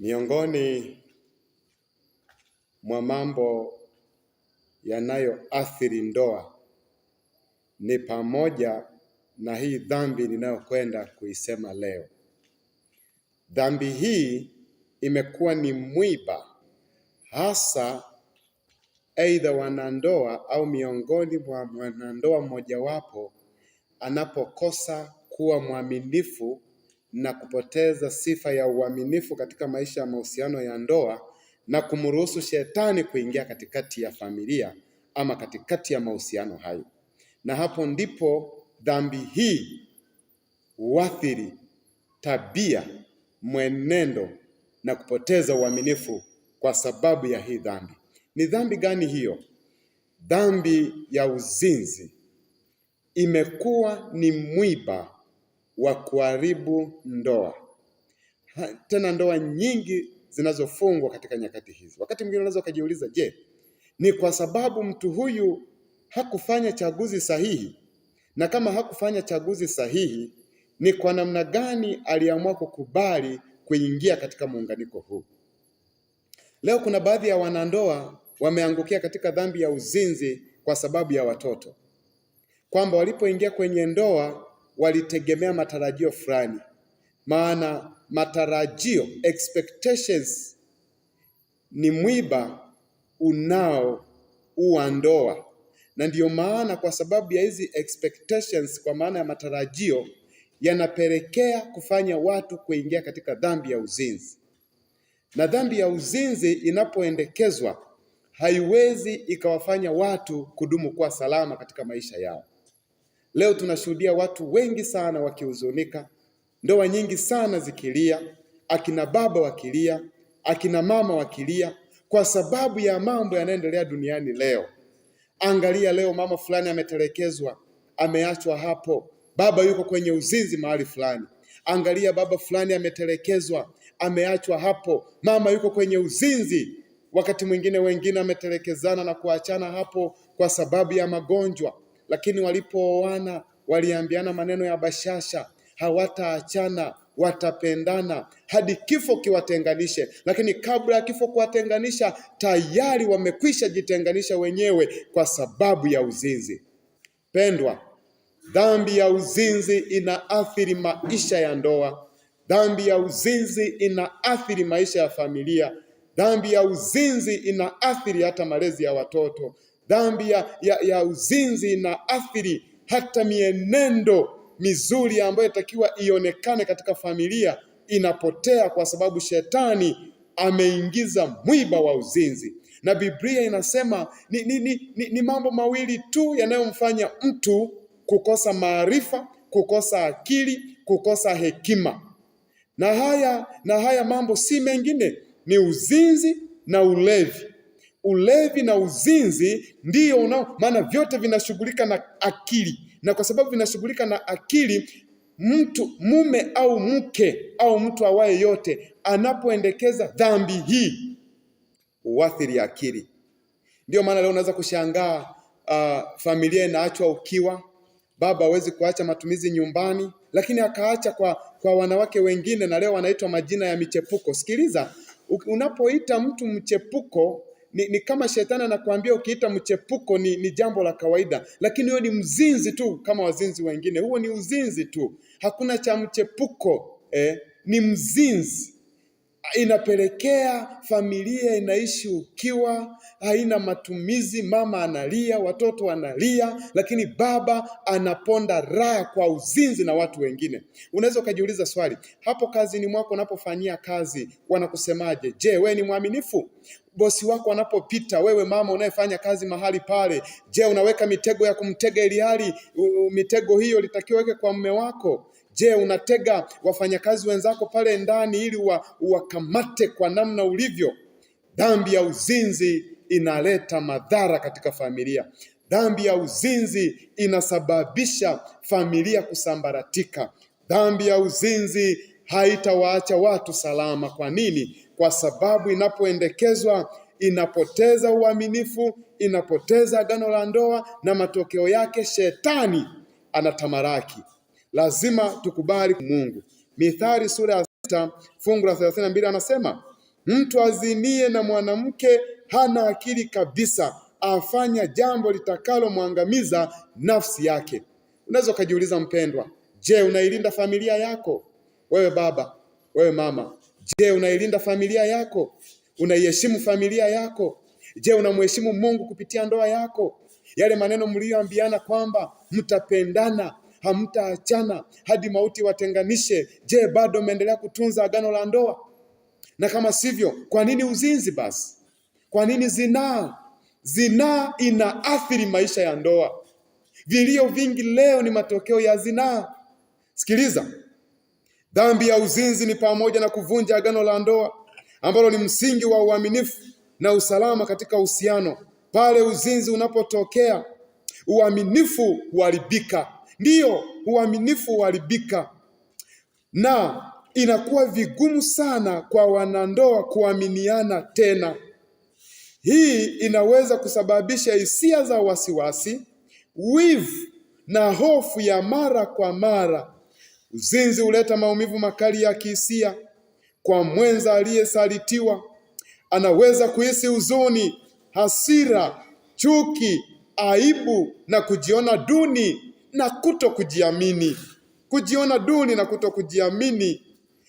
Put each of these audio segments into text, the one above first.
Miongoni mwa mambo yanayoathiri ndoa ni pamoja na hii dhambi ninayokwenda kuisema leo. Dhambi hii imekuwa ni mwiba hasa aidha wanandoa au miongoni mwa mwanandoa mmojawapo anapokosa kuwa mwaminifu na kupoteza sifa ya uaminifu katika maisha ya mahusiano ya ndoa na kumruhusu shetani kuingia katikati ya familia ama katikati ya mahusiano hayo, na hapo ndipo dhambi hii huathiri tabia, mwenendo na kupoteza uaminifu kwa sababu ya hii dhambi. Ni dhambi gani hiyo? Dhambi ya uzinzi. Imekuwa ni mwiba wa kuharibu ndoa. Tena ndoa nyingi zinazofungwa katika nyakati hizi. Wakati mwingine unaweza ukajiuliza, je, ni kwa sababu mtu huyu hakufanya chaguzi sahihi? Na kama hakufanya chaguzi sahihi, ni kwa namna gani aliamua kukubali kuingia katika muunganiko huu? Leo kuna baadhi ya wanandoa wameangukia katika dhambi ya uzinzi kwa sababu ya watoto, kwamba walipoingia kwenye ndoa walitegemea matarajio fulani, maana matarajio expectations ni mwiba unaoua ndoa, na ndiyo maana kwa sababu ya hizi expectations, kwa maana ya matarajio, yanapelekea kufanya watu kuingia katika dhambi ya uzinzi, na dhambi ya uzinzi inapoendekezwa haiwezi ikawafanya watu kudumu kuwa salama katika maisha yao. Leo tunashuhudia watu wengi sana wakihuzunika, ndoa nyingi sana zikilia, akina baba wakilia, akina mama wakilia, kwa sababu ya mambo yanayoendelea duniani leo. Angalia leo, mama fulani ametelekezwa, ameachwa hapo, baba yuko kwenye uzinzi mahali fulani. Angalia baba fulani ametelekezwa, ameachwa hapo, mama yuko kwenye uzinzi. Wakati mwingine wengine ametelekezana na kuachana hapo kwa sababu ya magonjwa lakini walipooana waliambiana maneno ya bashasha, hawataachana watapendana hadi kifo kiwatenganishe. Lakini kabla ya kifo kuwatenganisha, tayari wamekwisha jitenganisha wenyewe kwa sababu ya uzinzi. Pendwa, dhambi ya uzinzi inaathiri maisha ya ndoa. Dhambi ya uzinzi inaathiri maisha ya familia. Dhambi ya uzinzi inaathiri hata malezi ya watoto. Dhambi ya, ya, ya uzinzi athiri hata mienendo mizuri ambayo itakiwa ionekane katika familia inapotea, kwa sababu shetani ameingiza mwiba wa uzinzi. Na Biblia inasema ni, ni, ni, ni, ni mambo mawili tu yanayomfanya mtu kukosa maarifa, kukosa akili, kukosa hekima. Na haya, na haya mambo si mengine, ni uzinzi na ulevi ulevi na uzinzi ndio unao, maana vyote vinashughulika na akili, na kwa sababu vinashughulika na akili mtu mume au mke au mtu awaye yote anapoendekeza dhambi hii uathiri akili. Ndio maana leo unaweza kushangaa uh, familia inaachwa ukiwa, baba hawezi kuacha matumizi nyumbani, lakini akaacha kwa, kwa wanawake wengine, na leo wanaitwa majina ya michepuko. Sikiliza, unapoita mtu mchepuko ni, ni kama shetani anakuambia ukiita mchepuko ni, ni jambo la kawaida, lakini huyo ni mzinzi tu kama wazinzi wengine. Huo ni uzinzi tu, hakuna cha mchepuko eh, ni mzinzi. Inapelekea familia inaishi ukiwa, haina matumizi. Mama analia, watoto wanalia, lakini baba anaponda raha kwa uzinzi na watu wengine. Unaweza ukajiuliza swali hapo, kazini mwako unapofanyia kazi wanakusemaje? Je, wewe ni mwaminifu? bosi wako anapopita, wewe mama unayefanya kazi mahali pale, je, unaweka mitego ya kumtega ili hali mitego hiyo litakiwa weke kwa mume wako? Je, unatega wafanyakazi wenzako pale ndani ili wakamate kwa namna ulivyo? Dhambi ya uzinzi inaleta madhara katika familia. Dhambi ya uzinzi inasababisha familia kusambaratika. Dhambi ya uzinzi haitawaacha watu salama. Kwa nini? Kwa sababu inapoendekezwa inapoteza uaminifu, inapoteza agano la ndoa, na matokeo yake shetani anatamaraki. Lazima tukubali Mungu. Mithali sura ya sita fungu la 32 anasema mtu azinie na mwanamke hana akili kabisa, afanya jambo litakalomwangamiza nafsi yake. Unaweza ukajiuliza mpendwa, je, unailinda familia yako? Wewe baba, wewe mama, je, unailinda familia yako? Unaiheshimu familia yako? Je, unamheshimu Mungu kupitia ndoa yako? Yale maneno mliyoambiana kwamba mtapendana hamtaachana hadi mauti watenganishe, je, bado umeendelea kutunza agano la ndoa? Na kama sivyo, kwa nini uzinzi basi? Kwa nini zinaa? Zinaa inaathiri maisha ya ndoa. Vilio vingi leo ni matokeo ya zinaa. Sikiliza. Dhambi ya uzinzi ni pamoja na kuvunja agano la ndoa ambalo ni msingi wa uaminifu na usalama katika uhusiano. Pale uzinzi unapotokea, uaminifu huharibika. Ndiyo, uaminifu huharibika na inakuwa vigumu sana kwa wanandoa kuaminiana tena. Hii inaweza kusababisha hisia za wasiwasi, wivu na hofu ya mara kwa mara Uzinzi huleta maumivu makali ya kihisia kwa mwenza aliyesalitiwa. Anaweza kuhisi huzuni, hasira, chuki, aibu na kujiona duni na kuto kujiamini, kujiona duni na kuto kujiamini.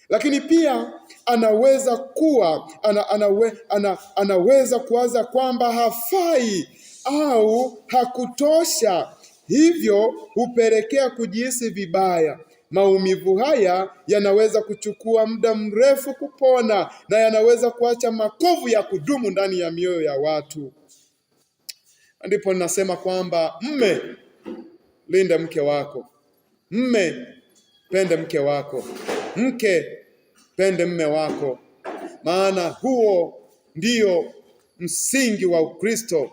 Lakini pia anaweza kuwa ana, anawe, ana, anaweza kuwaza kwamba hafai au hakutosha, hivyo hupelekea kujihisi vibaya. Maumivu haya yanaweza kuchukua muda mrefu kupona na yanaweza kuacha makovu ya kudumu ndani ya mioyo ya watu. Ndipo ninasema kwamba mme, linde mke wako. Mme, pende mke wako. Mke, pende mme wako, maana huo ndio msingi wa Ukristo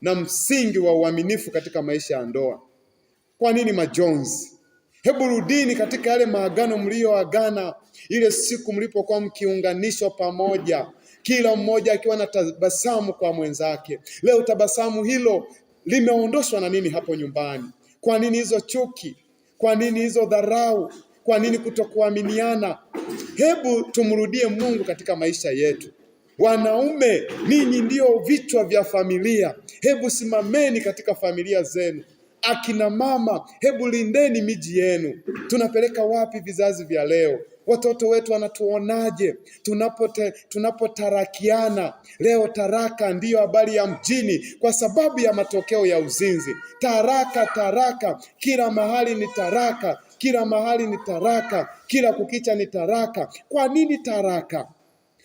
na msingi wa uaminifu katika maisha ya ndoa. Kwa nini majonzi? Hebu rudini katika yale maagano mliyoagana ile siku mlipokuwa mkiunganishwa pamoja, kila mmoja akiwa na tabasamu kwa mwenzake. Leo tabasamu hilo limeondoshwa na nini hapo nyumbani? Kwa nini hizo chuki? Kwa nini hizo dharau? Kwa nini kutokuaminiana? Hebu tumrudie Mungu katika maisha yetu. Wanaume, ninyi ndio vichwa vya familia. Hebu simameni katika familia zenu. Akina mama, hebu lindeni miji yenu. Tunapeleka wapi vizazi vya leo? Watoto wetu wanatuonaje tunapote tunapotarakiana? Leo taraka ndiyo habari ya mjini kwa sababu ya matokeo ya uzinzi. Taraka, taraka, kila mahali ni taraka, kila mahali ni taraka, kila kukicha ni taraka. Kwa nini taraka?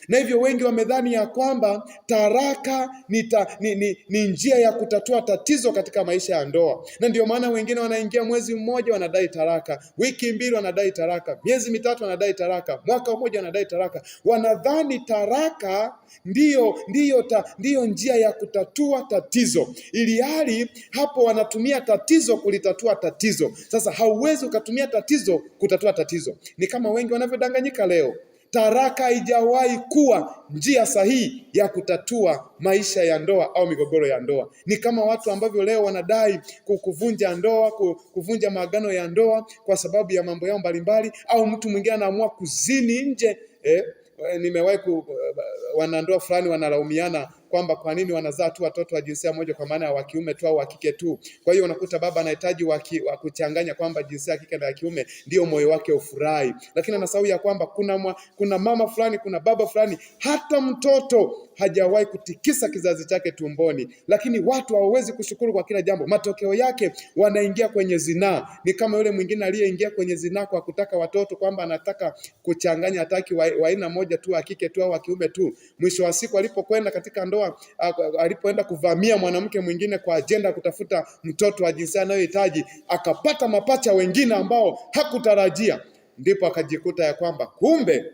na hivyo wengi wamedhani ya kwamba taraka ni, ta, ni, ni, ni njia ya kutatua tatizo katika maisha ya ndoa, na ndio maana wengine wanaingia mwezi mmoja wanadai taraka, wiki mbili wanadai taraka, miezi mitatu wanadai taraka, mwaka mmoja wanadai taraka. Wanadhani taraka ndiyo, ndiyo, ta, ndiyo njia ya kutatua tatizo, ili hali hapo wanatumia tatizo kulitatua tatizo. Sasa hauwezi ukatumia tatizo kutatua tatizo. Ni kama wengi wanavyodanganyika leo. Taraka haijawahi kuwa njia sahihi ya kutatua maisha ya ndoa au migogoro ya ndoa. Ni kama watu ambavyo leo wanadai kuvunja ndoa, kuvunja maagano ya ndoa kwa sababu ya mambo yao mbalimbali, au mtu mwingine anaamua kuzini nje eh, eh nimewahi ku, eh, wanandoa fulani wanalaumiana kwamba kwa nini wanazaa tu watoto wa jinsia moja, kwa maana ya wa kiume tu au wa kike tu. Kwa hiyo unakuta baba anahitaji wa kuchanganya kwamba jinsia ya kike na ya kiume, ndio moyo wake ufurahi, lakini anasahau ya kwamba kuna mwa, kuna mama fulani, kuna baba fulani, hata mtoto hajawahi kutikisa kizazi chake tumboni, lakini watu hawawezi kushukuru kwa kila jambo. Matokeo yake wanaingia kwenye zinaa. Ni kama yule mwingine aliyeingia kwenye zinaa kwa kutaka watoto, kwamba anataka kuchanganya, hataki wa aina moja tu, wa kike tu au wa kiume tu. Mwisho wa siku alipokwenda katika ndoa ndoa alipoenda kuvamia mwanamke mwingine kwa ajenda kutafuta mtoto wa jinsia anayohitaji, akapata mapacha wengine ambao hakutarajia. Ndipo akajikuta ya kwamba kumbe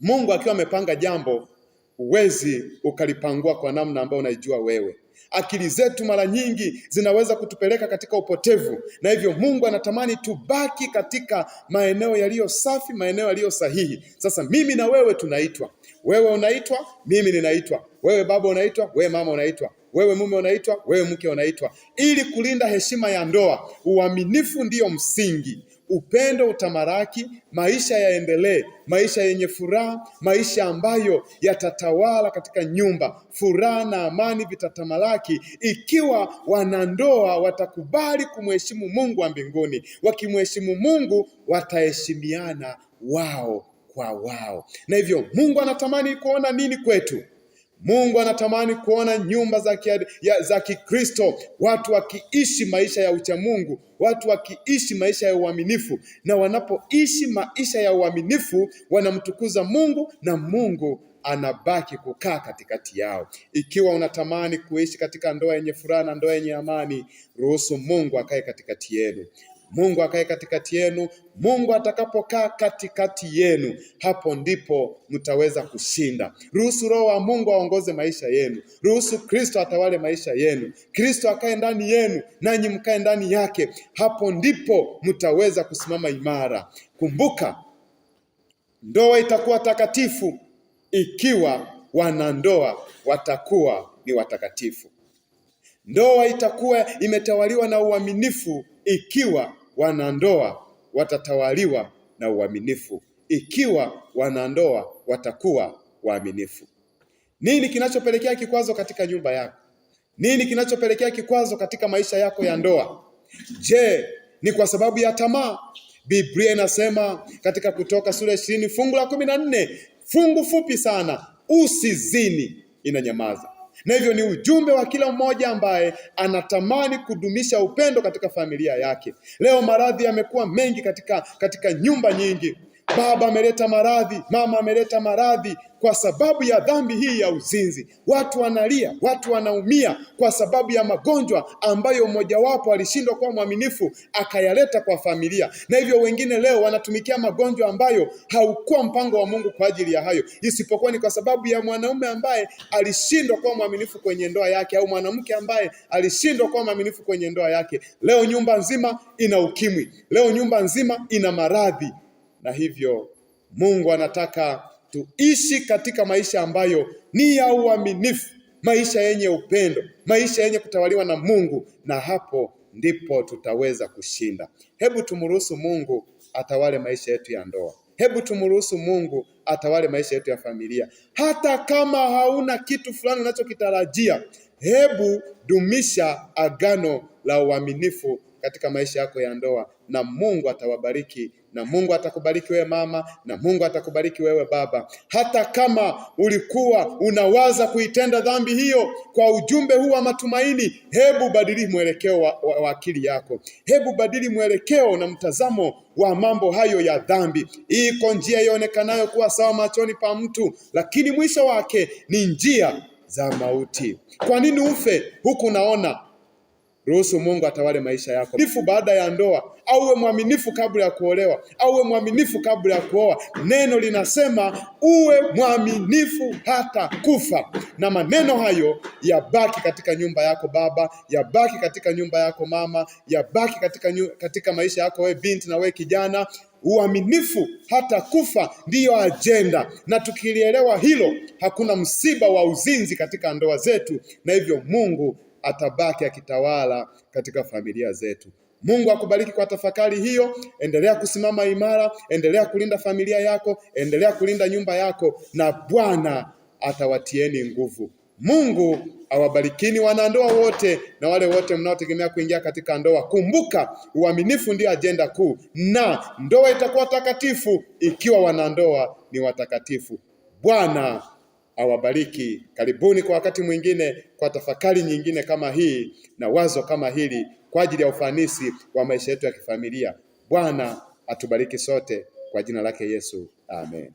Mungu akiwa amepanga jambo huwezi ukalipangua kwa namna ambayo unaijua wewe. Akili zetu mara nyingi zinaweza kutupeleka katika upotevu, na hivyo Mungu anatamani tubaki katika maeneo yaliyo safi, maeneo yaliyo sahihi. Sasa mimi na wewe tunaitwa wewe unaitwa, mimi ninaitwa. Wewe baba unaitwa, wewe mama unaitwa. Wewe mume unaitwa, wewe mke unaitwa, ili kulinda heshima ya ndoa. Uaminifu ndiyo msingi, upendo utamaraki, maisha yaendelee, maisha yenye furaha, maisha ambayo yatatawala katika nyumba. Furaha na amani vitatamalaki ikiwa wanandoa watakubali kumheshimu Mungu wa mbinguni. Wakimheshimu Mungu, wataheshimiana wao kwa wao. Na hivyo Mungu anatamani kuona nini kwetu? Mungu anatamani kuona nyumba za kia, ya, za Kikristo, watu wakiishi maisha ya uchamungu, watu wakiishi maisha ya uaminifu, na wanapoishi maisha ya uaminifu wanamtukuza Mungu na Mungu anabaki kukaa katikati yao. Ikiwa unatamani kuishi katika ndoa yenye furaha na ndoa yenye amani, ruhusu Mungu akae katikati yenu. Mungu akae katikati yenu. Mungu atakapokaa katikati yenu, hapo ndipo mtaweza kushinda. Ruhusu Roho wa Mungu aongoze maisha yenu, ruhusu Kristo atawale maisha yenu, Kristo akae ndani yenu, nanyi mkae ndani yake. Hapo ndipo mtaweza kusimama imara. Kumbuka, ndoa itakuwa takatifu ikiwa wanandoa watakuwa ni watakatifu. Ndoa itakuwa imetawaliwa na uaminifu ikiwa wanandoa watatawaliwa na uaminifu, ikiwa wanandoa watakuwa waaminifu. Nini kinachopelekea kikwazo katika nyumba yako? Nini kinachopelekea kikwazo katika maisha yako ya ndoa? Je, ni kwa sababu ya tamaa? Biblia inasema katika Kutoka sura ishirini fungu la kumi na nne fungu fupi sana, usizini, inanyamaza na hivyo ni ujumbe wa kila mmoja ambaye anatamani kudumisha upendo katika familia yake. Leo maradhi yamekuwa mengi katika, katika nyumba nyingi baba ameleta maradhi, mama ameleta maradhi kwa sababu ya dhambi hii ya uzinzi. Watu wanalia, watu wanaumia kwa sababu ya magonjwa ambayo mmojawapo alishindwa kuwa mwaminifu akayaleta kwa familia, na hivyo wengine leo wanatumikia magonjwa ambayo haukuwa mpango wa Mungu kwa ajili ya hayo, isipokuwa ni kwa sababu ya mwanaume ambaye alishindwa kuwa mwaminifu kwenye ndoa yake, au mwanamke ambaye alishindwa kuwa mwaminifu kwenye ndoa yake. Leo nyumba nzima ina ukimwi, leo nyumba nzima ina maradhi na hivyo Mungu anataka tuishi katika maisha ambayo ni ya uaminifu, maisha yenye upendo, maisha yenye kutawaliwa na Mungu, na hapo ndipo tutaweza kushinda. Hebu tumruhusu Mungu atawale maisha yetu ya ndoa. Hebu tumruhusu Mungu atawale maisha yetu ya familia. Hata kama hauna kitu fulani unachokitarajia, hebu dumisha agano la uaminifu katika maisha yako ya ndoa, na Mungu atawabariki na Mungu atakubariki wewe mama, na Mungu atakubariki wewe baba. Hata kama ulikuwa unawaza kuitenda dhambi hiyo, kwa ujumbe huu wa matumaini, hebu badili mwelekeo wa, wa, wa akili yako. Hebu badili mwelekeo na mtazamo wa mambo hayo ya dhambi. Iko njia ionekanayo kuwa sawa machoni pa mtu, lakini mwisho wake ni njia za mauti. Kwa nini ufe huku naona Ruhusu Mungu atawale maisha yako. Mwaminifu baada ya ndoa, au uwe mwaminifu kabla ya kuolewa, au uwe mwaminifu kabla ya kuoa. Neno linasema uwe mwaminifu hata kufa, na maneno hayo yabaki katika nyumba yako baba, yabaki katika nyumba yako mama, yabaki katika, nyu, katika maisha yako we binti na we kijana. Uaminifu hata kufa ndiyo ajenda, na tukilielewa hilo, hakuna msiba wa uzinzi katika ndoa zetu, na hivyo Mungu atabaki akitawala katika familia zetu. Mungu akubariki kwa tafakari hiyo. Endelea kusimama imara, endelea kulinda familia yako, endelea kulinda nyumba yako, na Bwana atawatieni nguvu. Mungu awabarikini wanandoa wote na wale wote mnaotegemea kuingia katika ndoa. Kumbuka, uaminifu ndio ajenda kuu, na ndoa itakuwa takatifu ikiwa wanandoa ni watakatifu. Bwana awabariki. Karibuni kwa wakati mwingine, kwa tafakari nyingine kama hii na wazo kama hili kwa ajili ya ufanisi wa maisha yetu ya kifamilia. Bwana atubariki sote kwa jina lake Yesu, amen.